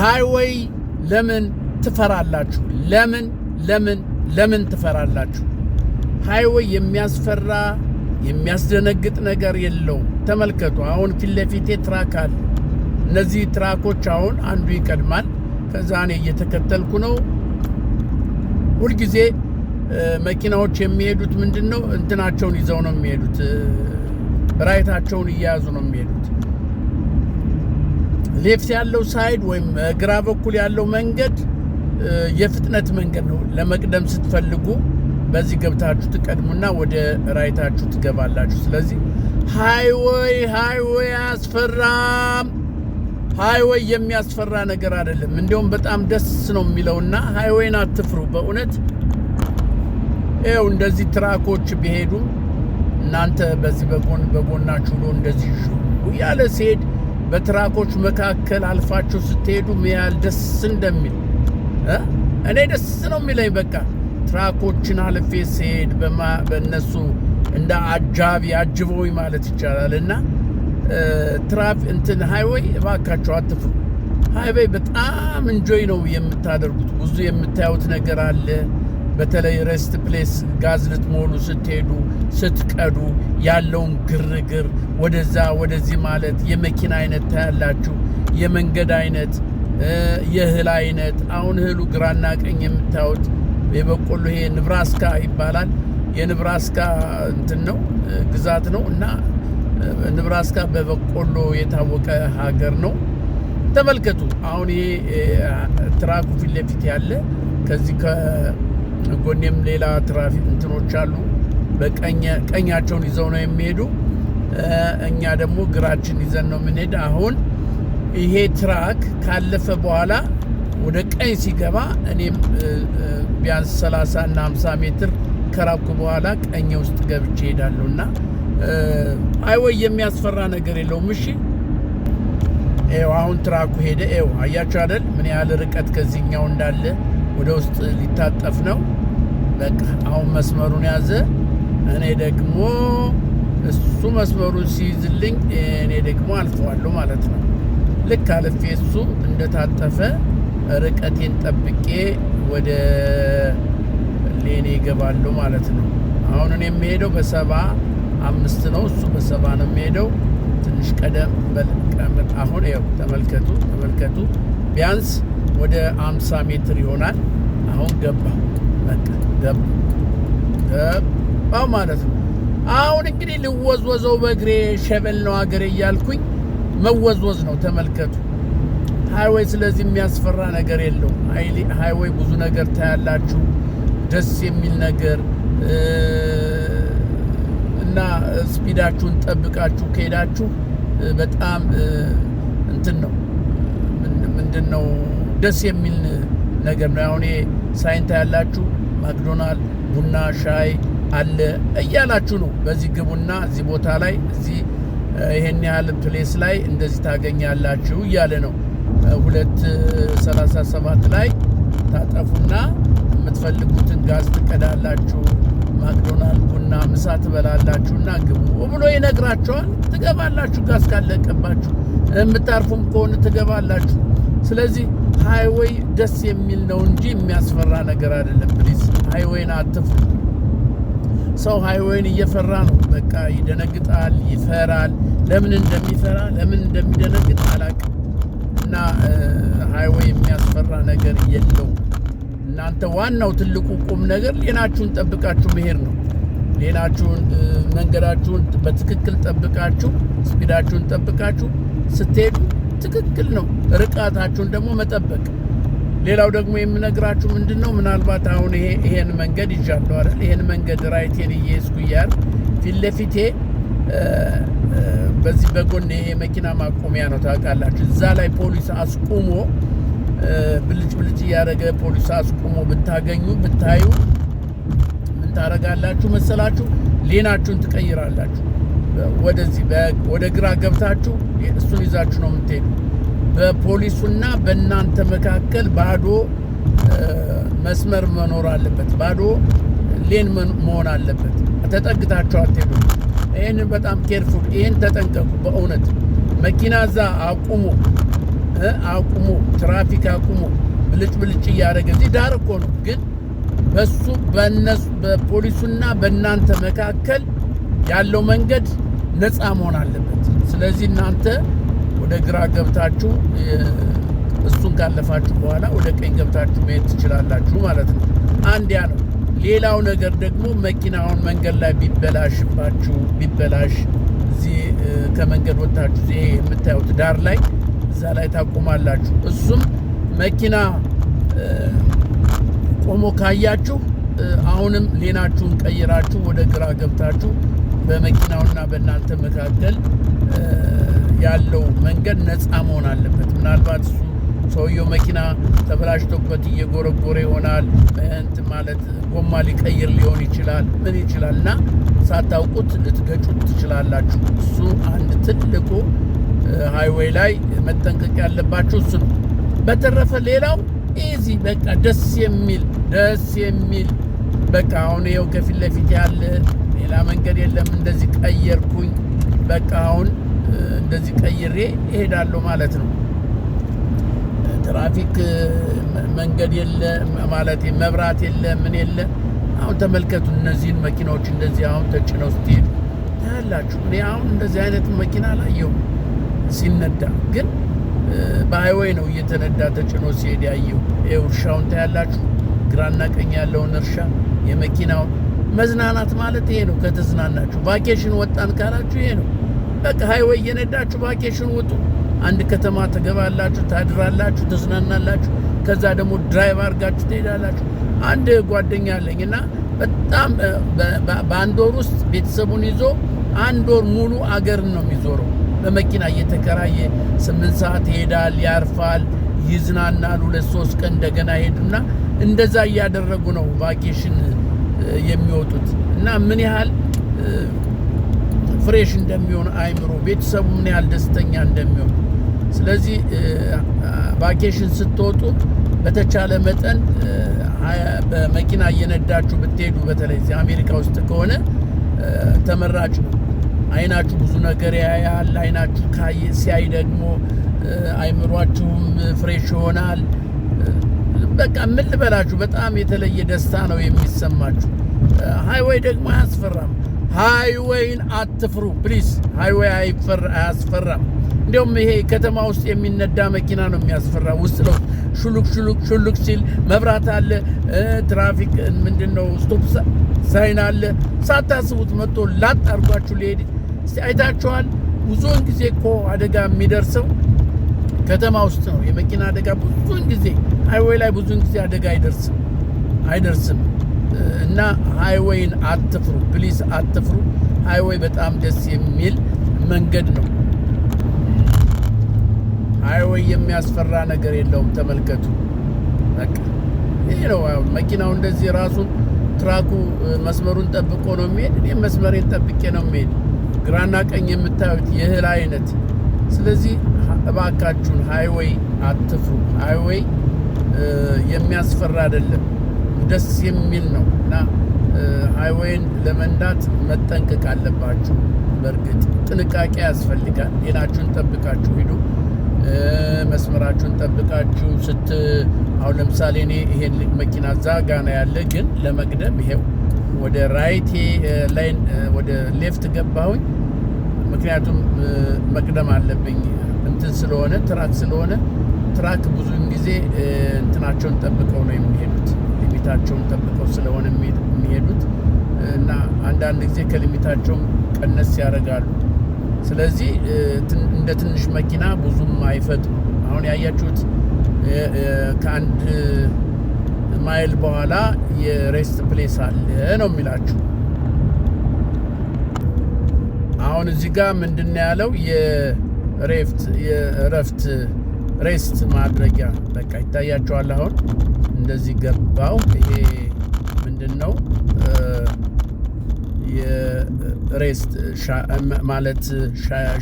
ሃይወይ ለምን ትፈራላችሁ? ለምን ለምን ለምን ትፈራላችሁ? ሃይወይ የሚያስፈራ የሚያስደነግጥ ነገር የለውም። ተመልከቱ። አሁን ፊት ለፊቴ ትራክ አለ። እነዚህ ትራኮች አሁን አንዱ ይቀድማል፣ ከዛ እኔ እየተከተልኩ ነው። ሁልጊዜ መኪናዎች የሚሄዱት ምንድን ነው? እንትናቸውን ይዘው ነው የሚሄዱት፣ ራይታቸውን እያያዙ ነው የሚሄዱት። ሌፍት ያለው ሳይድ ወይም ግራ በኩል ያለው መንገድ የፍጥነት መንገድ ነው። ለመቅደም ስትፈልጉ በዚህ ገብታችሁ ትቀድሙና ወደ ራይታችሁ ትገባላችሁ። ስለዚህ ሃይወይ ሃይወይ አያስፈራም። ሃይወይ የሚያስፈራ ነገር አይደለም። እንዲሁም በጣም ደስ ነው የሚለውና ሃይወይን አትፍሩ በእውነት ይኸው እንደዚህ ትራኮች ቢሄዱ እናንተ በዚህ በጎን በጎናችሁ ብሎ እንደዚህ ያለ ሲሄድ በትራኮች መካከል አልፋችሁ ስትሄዱ ሚያል ደስ እንደሚል እኔ ደስ ነው የሚለኝ። በቃ ትራኮችን አልፌ ስሄድ በእነሱ እንደ አጃቢ አጅበውኝ ማለት ይቻላል። እና ትራፊ እንትን ሃይዌይ እባካቸው አትፍሩ። ሃይዌይ በጣም እንጆይ ነው የምታደርጉት። ብዙ የምታዩት ነገር አለ። በተለይ ሬስት ፕሌስ ጋዝ ልትሞሉ ስትሄዱ ስትቀዱ ያለውን ግርግር ወደዛ ወደዚህ ማለት የመኪና አይነት ታያላችሁ፣ የመንገድ አይነት፣ የእህል አይነት። አሁን እህሉ ግራና ቀኝ የምታዩት የበቆሎ ይሄ ንብራስካ ይባላል። የንብራስካ እንትን ነው ግዛት ነው እና ንብራስካ በበቆሎ የታወቀ ሀገር ነው። ተመልከቱ አሁን ይሄ ትራኩ ፊት ለፊት ያለ ከዚህ ጎኔም ሌላ ትራፊክ እንትኖች አሉ። በቀኛቸውን ይዘው ነው የሚሄዱ፣ እኛ ደግሞ ግራችን ይዘን ነው የምንሄድ። አሁን ይሄ ትራክ ካለፈ በኋላ ወደ ቀኝ ሲገባ እኔም ቢያንስ 30 እና 50 ሜትር ከራኩ በኋላ ቀኝ ውስጥ ገብቼ ሄዳለሁ እና አይወይ የሚያስፈራ ነገር የለውም። እሺ ይኸው አሁን ትራኩ ሄደ። ይኸው አያችሁ አይደል ምን ያህል ርቀት ከዚህኛው እንዳለ ወደ ውስጥ ሊታጠፍ ነው። በቃ አሁን መስመሩን ያዘ። እኔ ደግሞ እሱ መስመሩን ሲይዝልኝ እኔ ደግሞ አልፈዋለሁ ማለት ነው። ልክ አልፌ እሱ እንደታጠፈ ርቀቴን ጠብቄ ወደ ሌኔ ይገባሉ ማለት ነው። አሁን እኔ የሚሄደው በሰባ አምስት ነው፣ እሱ በሰባ ነው የሚሄደው። ትንሽ ቀደም አሁን ያው ተመልከቱ ተመልከቱ ቢያንስ ወደ 50 ሜትር ይሆናል። አሁን ገባ ገባው ማለት ነው። አሁን እንግዲህ ልወዝወዘው በእግሬ ሸበል ነው አገሬ እያልኩኝ መወዝወዝ ነው። ተመልከቱ ሃይዌይ። ስለዚህ የሚያስፈራ ነገር የለውም። ሃይዌይ ብዙ ነገር ታያላችሁ፣ ደስ የሚል ነገር እና ስፒዳችሁን ጠብቃችሁ ከሄዳችሁ በጣም እንትን ነው ምንድን ነው ደስ የሚል ነገር ነው። አሁን ሳይንታ ያላችሁ ማክዶናልድ ቡና ሻይ አለ እያላችሁ ነው። በዚህ ግቡና እዚህ ቦታ ላይ እዚህ ይሄን ያህል ፕሌስ ላይ እንደዚህ ታገኛላችሁ እያለ ነው። ሁለት ሰላሳ ሰባት ላይ ታጠፉና የምትፈልጉትን ጋዝ ትቀዳላችሁ፣ ማክዶናልድ ቡና ምሳ ትበላላችሁና ግቡ ብሎ ይነግራቸዋል። ትገባላችሁ፣ ጋዝ ካለቀባችሁ። የምታርፉም ከሆነ ትገባላችሁ። ስለዚህ ሃይዌይ ደስ የሚል ነው እንጂ የሚያስፈራ ነገር አይደለም። ፕሊዝ ሃይዌይን አትፍሩ። ሰው ሃይዌይን እየፈራ ነው። በቃ ይደነግጣል፣ ይፈራል። ለምን እንደሚፈራ ለምን እንደሚደነግጥ አላቅም። እና ሃይዌይ የሚያስፈራ ነገር የለውም። እናንተ ዋናው ትልቁ ቁም ነገር ሌናችሁን ጠብቃችሁ መሄድ ነው። ሌናችሁን መንገዳችሁን በትክክል ጠብቃችሁ ስፒዳችሁን ጠብቃችሁ ስትሄዱ ትክክል ነው። ርቃታችሁን ደግሞ መጠበቅ። ሌላው ደግሞ የምነግራችሁ ምንድን ነው፣ ምናልባት አሁን ይሄን መንገድ ይዣለሁ አይደል? ይሄን መንገድ ራይቴን እየሄድኩ እያል ፊት ለፊቴ በዚህ በጎን ይሄ መኪና ማቆሚያ ነው ታውቃላችሁ። እዛ ላይ ፖሊስ አስቁሞ ብልጭ ብልጭ እያደረገ ፖሊስ አስቁሞ ብታገኙ ብታዩ ምን ታደርጋላችሁ መሰላችሁ? ሌናችሁን ትቀይራላችሁ። ወደዚህ ወደ ግራ ገብታችሁ እሱን ይዛችሁ ነው የምትሄዱ። በፖሊሱና በእናንተ መካከል ባዶ መስመር መኖር አለበት፣ ባዶ ሌን መሆን አለበት። ተጠግታችሁ አትሄዱ። ይህን በጣም ኬርፉል፣ ይህን ተጠንቀቁ። በእውነት መኪና እዛ አቁሙ፣ አቁሞ ትራፊክ አቁሞ ብልጭ ብልጭ እያደረገ እዚህ ዳር እኮ ነው ግን በሱ በነሱ በፖሊሱና በእናንተ መካከል ያለው መንገድ ነፃ መሆን አለበት። ስለዚህ እናንተ ወደ ግራ ገብታችሁ እሱን ካለፋችሁ በኋላ ወደ ቀኝ ገብታችሁ መሄድ ትችላላችሁ ማለት ነው። አንድ ያ ነው። ሌላው ነገር ደግሞ መኪናውን መንገድ ላይ ቢበላሽባችሁ ቢበላሽ እዚህ ከመንገድ ወጥታችሁ ይሄ የምታዩት ዳር ላይ እዛ ላይ ታቆማላችሁ። እሱም መኪና ቆሞ ካያችሁ አሁንም ሌናችሁን ቀይራችሁ ወደ ግራ ገብታችሁ በመኪናውና በእናንተ መካከል ያለው መንገድ ነፃ መሆን አለበት። ምናልባት እሱ ሰውየው መኪና ተበላሽቶበት እየጎረጎረ ይሆናል። እንትን ማለት ጎማ ሊቀይር ሊሆን ይችላል። ምን ይችላል እና ሳታውቁት ልትገጩት ትችላላችሁ። እሱ አንድ ትልቁ ሃይዌይ ላይ መጠንቀቅ ያለባችሁ እሱ ነው። በተረፈ ሌላው ኢዚ በቃ ደስ የሚል ደስ የሚል በቃ አሁን ይኸው ከፊት ለፊት ያለ ሌላ መንገድ የለም። እንደዚህ ቀየርኩኝ፣ በቃ አሁን እንደዚህ ቀይሬ እሄዳለሁ ማለት ነው። ትራፊክ መንገድ የለ ማለት መብራት የለ ምን የለ። አሁን ተመልከቱ እነዚህን መኪናዎች እንደዚህ አሁን ተጭነው ስትሄዱ ታያላችሁ። እኔ አሁን እንደዚህ አይነት መኪና አላየሁም ሲነዳ፣ ግን በሀይወይ ነው እየተነዳ ተጭኖ ሲሄድ ያየው። ይኸው እርሻውን ታያላችሁ፣ ግራና ቀኝ ያለውን እርሻ የመኪናውን መዝናናት ማለት ይሄ ነው። ከተዝናናችሁ ቫኬሽን ወጣን ካላችሁ ይሄ ነው። በቃ ሀይወይ እየነዳችሁ ቫኬሽን ውጡ። አንድ ከተማ ትገባላችሁ፣ ታድራላችሁ፣ ተዝናናላችሁ። ከዛ ደግሞ ድራይቭ አድርጋችሁ ትሄዳላችሁ። አንድ ጓደኛ አለኝ እና በጣም በአንድ ወር ውስጥ ቤተሰቡን ይዞ አንድ ወር ሙሉ አገርን ነው የሚዞረው በመኪና እየተከራየ ስምንት ሰዓት ይሄዳል፣ ያርፋል፣ ይዝናናል። ሁለት ሶስት ቀን እንደገና ይሄድና እንደዛ እያደረጉ ነው ቫኬሽን የሚወጡት እና ምን ያህል ፍሬሽ እንደሚሆን አይምሮ ቤተሰቡ ምን ያህል ደስተኛ እንደሚሆን። ስለዚህ ቫኬሽን ስትወጡ በተቻለ መጠን በመኪና እየነዳችሁ ብትሄዱ በተለይ እዚህ አሜሪካ ውስጥ ከሆነ ተመራጭ ነው። አይናችሁ ብዙ ነገር ያያል። አይናችሁ ካየ ሲያይ ደግሞ አይምሯችሁም ፍሬሽ ይሆናል። በቃ ምን ልበላችሁ፣ በጣም የተለየ ደስታ ነው የሚሰማችሁ። ሃይዌይ ደግሞ አያስፈራም። ሃይዌይን አትፍሩ ፕሊዝ። ሃይዌይ አያስፈራም። እንዲሁም ይሄ ከተማ ውስጥ የሚነዳ መኪና ነው የሚያስፈራ። ውስጥ ነው ሹሉክ ሹሉክ ሹሉክ ሲል መብራት አለ፣ ትራፊክ ምንድን ነው ስቶፕ ሳይን አለ። ሳታስቡት መጥቶ ላጥ አድርጓችሁ ሊሄድ አይታችኋል። ብዙውን ጊዜ እኮ አደጋ የሚደርሰው ከተማ ውስጥ ነው። የመኪና አደጋ ብዙውን ጊዜ ሀይዌይ ላይ ብዙን ጊዜ አደጋ አይደርስም አይደርስም እና ሀይዌይን አትፍሩ ፕሊስ አትፍሩ። ሀይዌይ በጣም ደስ የሚል መንገድ ነው። ሀይዌይ የሚያስፈራ ነገር የለውም። ተመልከቱ፣ በቃ ይህ ነው። መኪናው እንደዚህ ራሱን ትራኩ መስመሩን ጠብቆ ነው የሚሄድ። እኔም መስመሬን ጠብቄ ነው የሚሄድ። ግራና ቀኝ የምታዩት የእህል አይነት። ስለዚህ እባካችሁን ሀይዌይ አትፍሩ። ሀይዌይ የሚያስፈራ አይደለም፣ ደስ የሚል ነው እና ሃይዌይን ለመንዳት መጠንቀቅ አለባችሁ። በእርግጥ ጥንቃቄ ያስፈልጋል። ጤናችሁን ጠብቃችሁ ሂዱ። መስመራችሁን ጠብቃችሁ ስት አሁን ለምሳሌ እኔ ይሄን መኪና እዛ ጋና ያለ ግን ለመቅደም ይሄው ወደ ራይቴ ላይን ወደ ሌፍት ገባሁኝ። ምክንያቱም መቅደም አለብኝ እንትን ስለሆነ ትራክ ስለሆነ ትራክ ብዙውን ጊዜ ቀናቸውን ጠብቀው ነው የሚሄዱት። ሊሚታቸውን ጠብቀው ስለሆነ የሚሄዱት እና አንዳንድ ጊዜ ከሊሚታቸውም ቀነስ ያደርጋሉ። ስለዚህ እንደ ትንሽ መኪና ብዙም አይፈጥኑ። አሁን ያያችሁት ከአንድ ማይል በኋላ የሬስት ፕሌስ አለ ነው የሚላችሁ። አሁን እዚህ ጋር ምንድን ነው ያለው? የሬፍት የእረፍት ሬስት ማድረጊያ በቃ ይታያቸዋል። አሁን እንደዚህ ገባው። ይሄ ምንድን ነው? የሬስት ማለት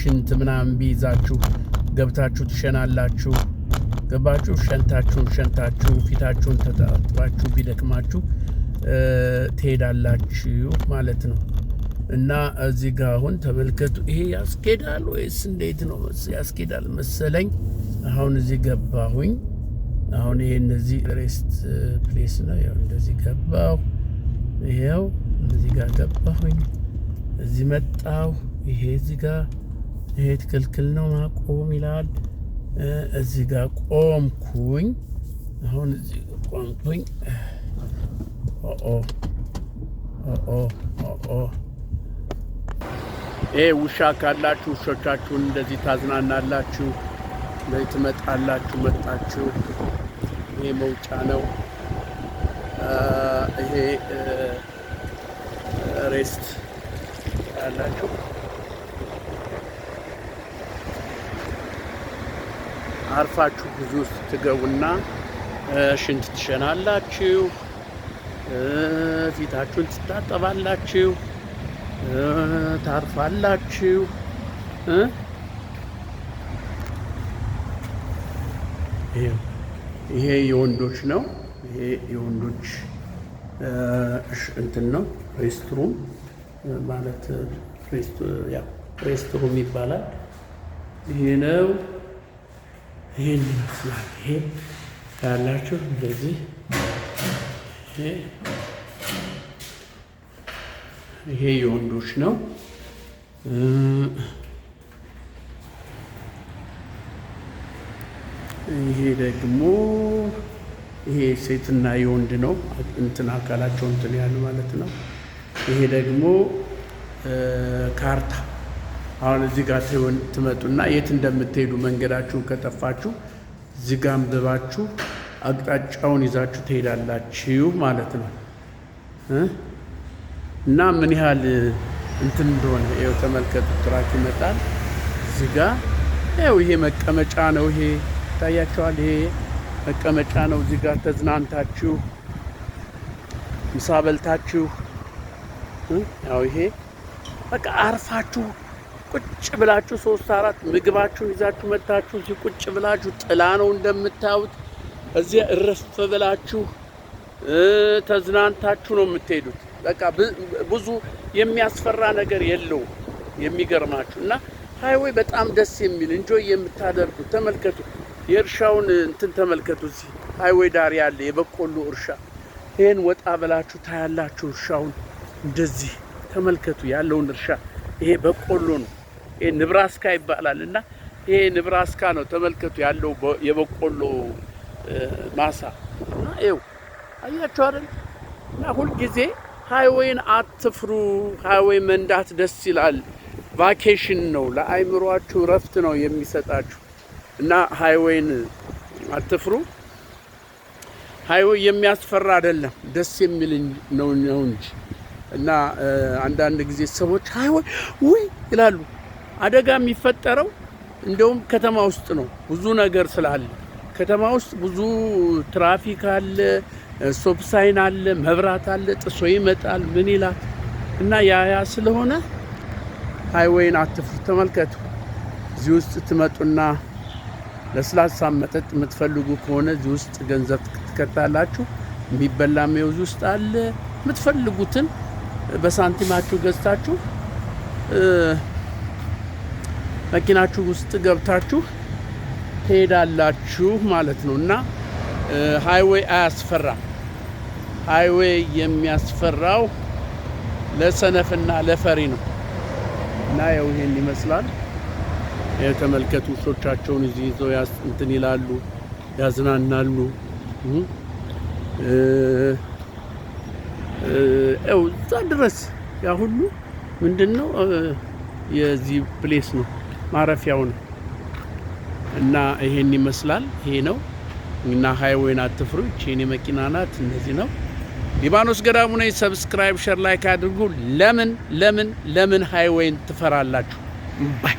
ሽንት ምናምን ቢይዛችሁ ገብታችሁ ትሸናላችሁ። ገባችሁ? ሸንታችሁን ሸንታችሁ ፊታችሁን ተጣጥባችሁ ቢደክማችሁ ትሄዳላችሁ ማለት ነው። እና እዚህ ጋር አሁን ተመልከቱ። ይሄ ያስኬዳል ወይስ እንዴት ነው? ያስኬዳል መሰለኝ። አሁን እዚህ ገባሁኝ። አሁን ይሄ እነዚህ ሬስት ፕሌስ ነው። ያው እንደዚህ ገባሁ። ይሄው እዚህ ጋር ገባሁኝ። እዚህ መጣሁ። ይሄ እዚህ ጋር ይሄ ትክልክል ነው ማቆም ይላል። እዚህ ጋር ቆምኩኝ። አሁን እዚህ ቆምኩኝ። ኦ ኦ ኦ ኦ ይሄ ውሻ ካላችሁ ውሾቻችሁን እንደዚህ ታዝናናላችሁ፣ እንደዚህ ትመጣላችሁ። መጣችሁ ይሄ መውጫ ነው። ይሄ ሬስት ያላችሁ አርፋችሁ ብዙ ስትገቡና ሽንት ትሸናላችሁ፣ ፊታችሁን ትታጠባላችሁ። ታርፋላችሁ። ይሄ የወንዶች ነው። ይሄ የወንዶች እንትን ነው። ሬስትሩም ማለት ሬስትሩም ይባላል። ይሄ ነው። ይህን ይመስላል። ይሄ ያላችሁ እንደዚህ ይሄ የወንዶች ነው። ይሄ ደግሞ ይሄ ሴትና የወንድ ነው። እንትን አካላቸው እንትን ያሉ ማለት ነው። ይሄ ደግሞ ካርታ። አሁን እዚህ ጋር ትመጡና የት እንደምትሄዱ መንገዳችሁን ከጠፋችሁ እዚህ ጋር አንብባችሁ አቅጣጫውን ይዛችሁ ትሄዳላችሁ ማለት ነው። እና ምን ያህል እንትን እንደሆነ ይኸው ተመልከቱ። ትራክ ይመጣል እዚህ ጋ ይኸው ይሄ መቀመጫ ነው። ይሄ ይታያቸዋል። ይሄ መቀመጫ ነው። እዚህ ጋር ተዝናንታችሁ ምሳ በልታችሁ ያው ይሄ በቃ አርፋችሁ ቁጭ ብላችሁ ሶስት አራት ምግባችሁን ይዛችሁ መታችሁ እዚህ ቁጭ ብላችሁ ጥላ ነው እንደምታዩት። እዚህ እረፍ ብላችሁ ተዝናንታችሁ ነው የምትሄዱት። በቃ ብዙ የሚያስፈራ ነገር የለው። የሚገርማችሁ እና ሀይዌይ በጣም ደስ የሚል እንጆይ የምታደርጉት ተመልከቱ። የእርሻውን እንትን ተመልከቱ። እዚህ ሀይዌይ ዳር ያለ የበቆሎ እርሻ ይህን ወጣ ብላችሁ ታያላችሁ። እርሻውን እንደዚህ ተመልከቱ፣ ያለውን እርሻ ይሄ በቆሎ ነው። ይሄ ንብራስካ ይባላል እና ይሄ ንብራስካ ነው። ተመልከቱ ያለው የበቆሎ ማሳ እና ይኸው አያችሁ አይደል እና ሁልጊዜ ሃይዌይን አትፍሩ። ሃይዌይ መንዳት ደስ ይላል። ቫኬሽን ነው፣ ለአይምሯችሁ ረፍት ነው የሚሰጣችሁ እና ሃይዌይን አትፍሩ። ሃይዌይ የሚያስፈራ አይደለም፣ ደስ የሚልኝ ነው እንጂ እና አንዳንድ ጊዜ ሰዎች ሃይዌይ ውይ ይላሉ። አደጋ የሚፈጠረው እንደውም ከተማ ውስጥ ነው ብዙ ነገር ስላለ ከተማ ውስጥ ብዙ ትራፊክ አለ፣ ስቶፕ ሳይን አለ፣ መብራት አለ፣ ጥሶ ይመጣል። ምን ይላል እና ያያ ስለሆነ ሃይዌይን አትፍሩ። ተመልከቱ፣ እዚህ ውስጥ ትመጡና ለስላሳ መጠጥ የምትፈልጉ ከሆነ እዚህ ውስጥ ገንዘብ ትከታላችሁ። የሚበላ ሜውዝ ውስጥ አለ። የምትፈልጉትን በሳንቲማችሁ ገዝታችሁ መኪናችሁ ውስጥ ገብታችሁ ትሄዳላችሁ ማለት ነው እና ሀይዌይ አያስፈራም። ሀይዌይ የሚያስፈራው ለሰነፍና ለፈሪ ነው እና ያው ይሄን ይመስላል። የተመልከቱ ውሾቻቸውን እዚህ ይዘው እንትን ይላሉ፣ ያዝናናሉ። ው እዛ ድረስ ያ ሁሉ ምንድን ነው የዚህ ፕሌስ ነው ማረፊያው ነው። እና ይሄን ይመስላል። ይሄ ነው እና ሀይዌን አትፍሩ። ቼኒ መኪና ናት። እነዚህ ነው ሊባኖስ ገዳሙ ነኝ። ሰብስክራይብ፣ ሸር፣ ላይክ አድርጉ። ለምን ለምን ለምን ሀይዌን ትፈራላችሁ? ባይ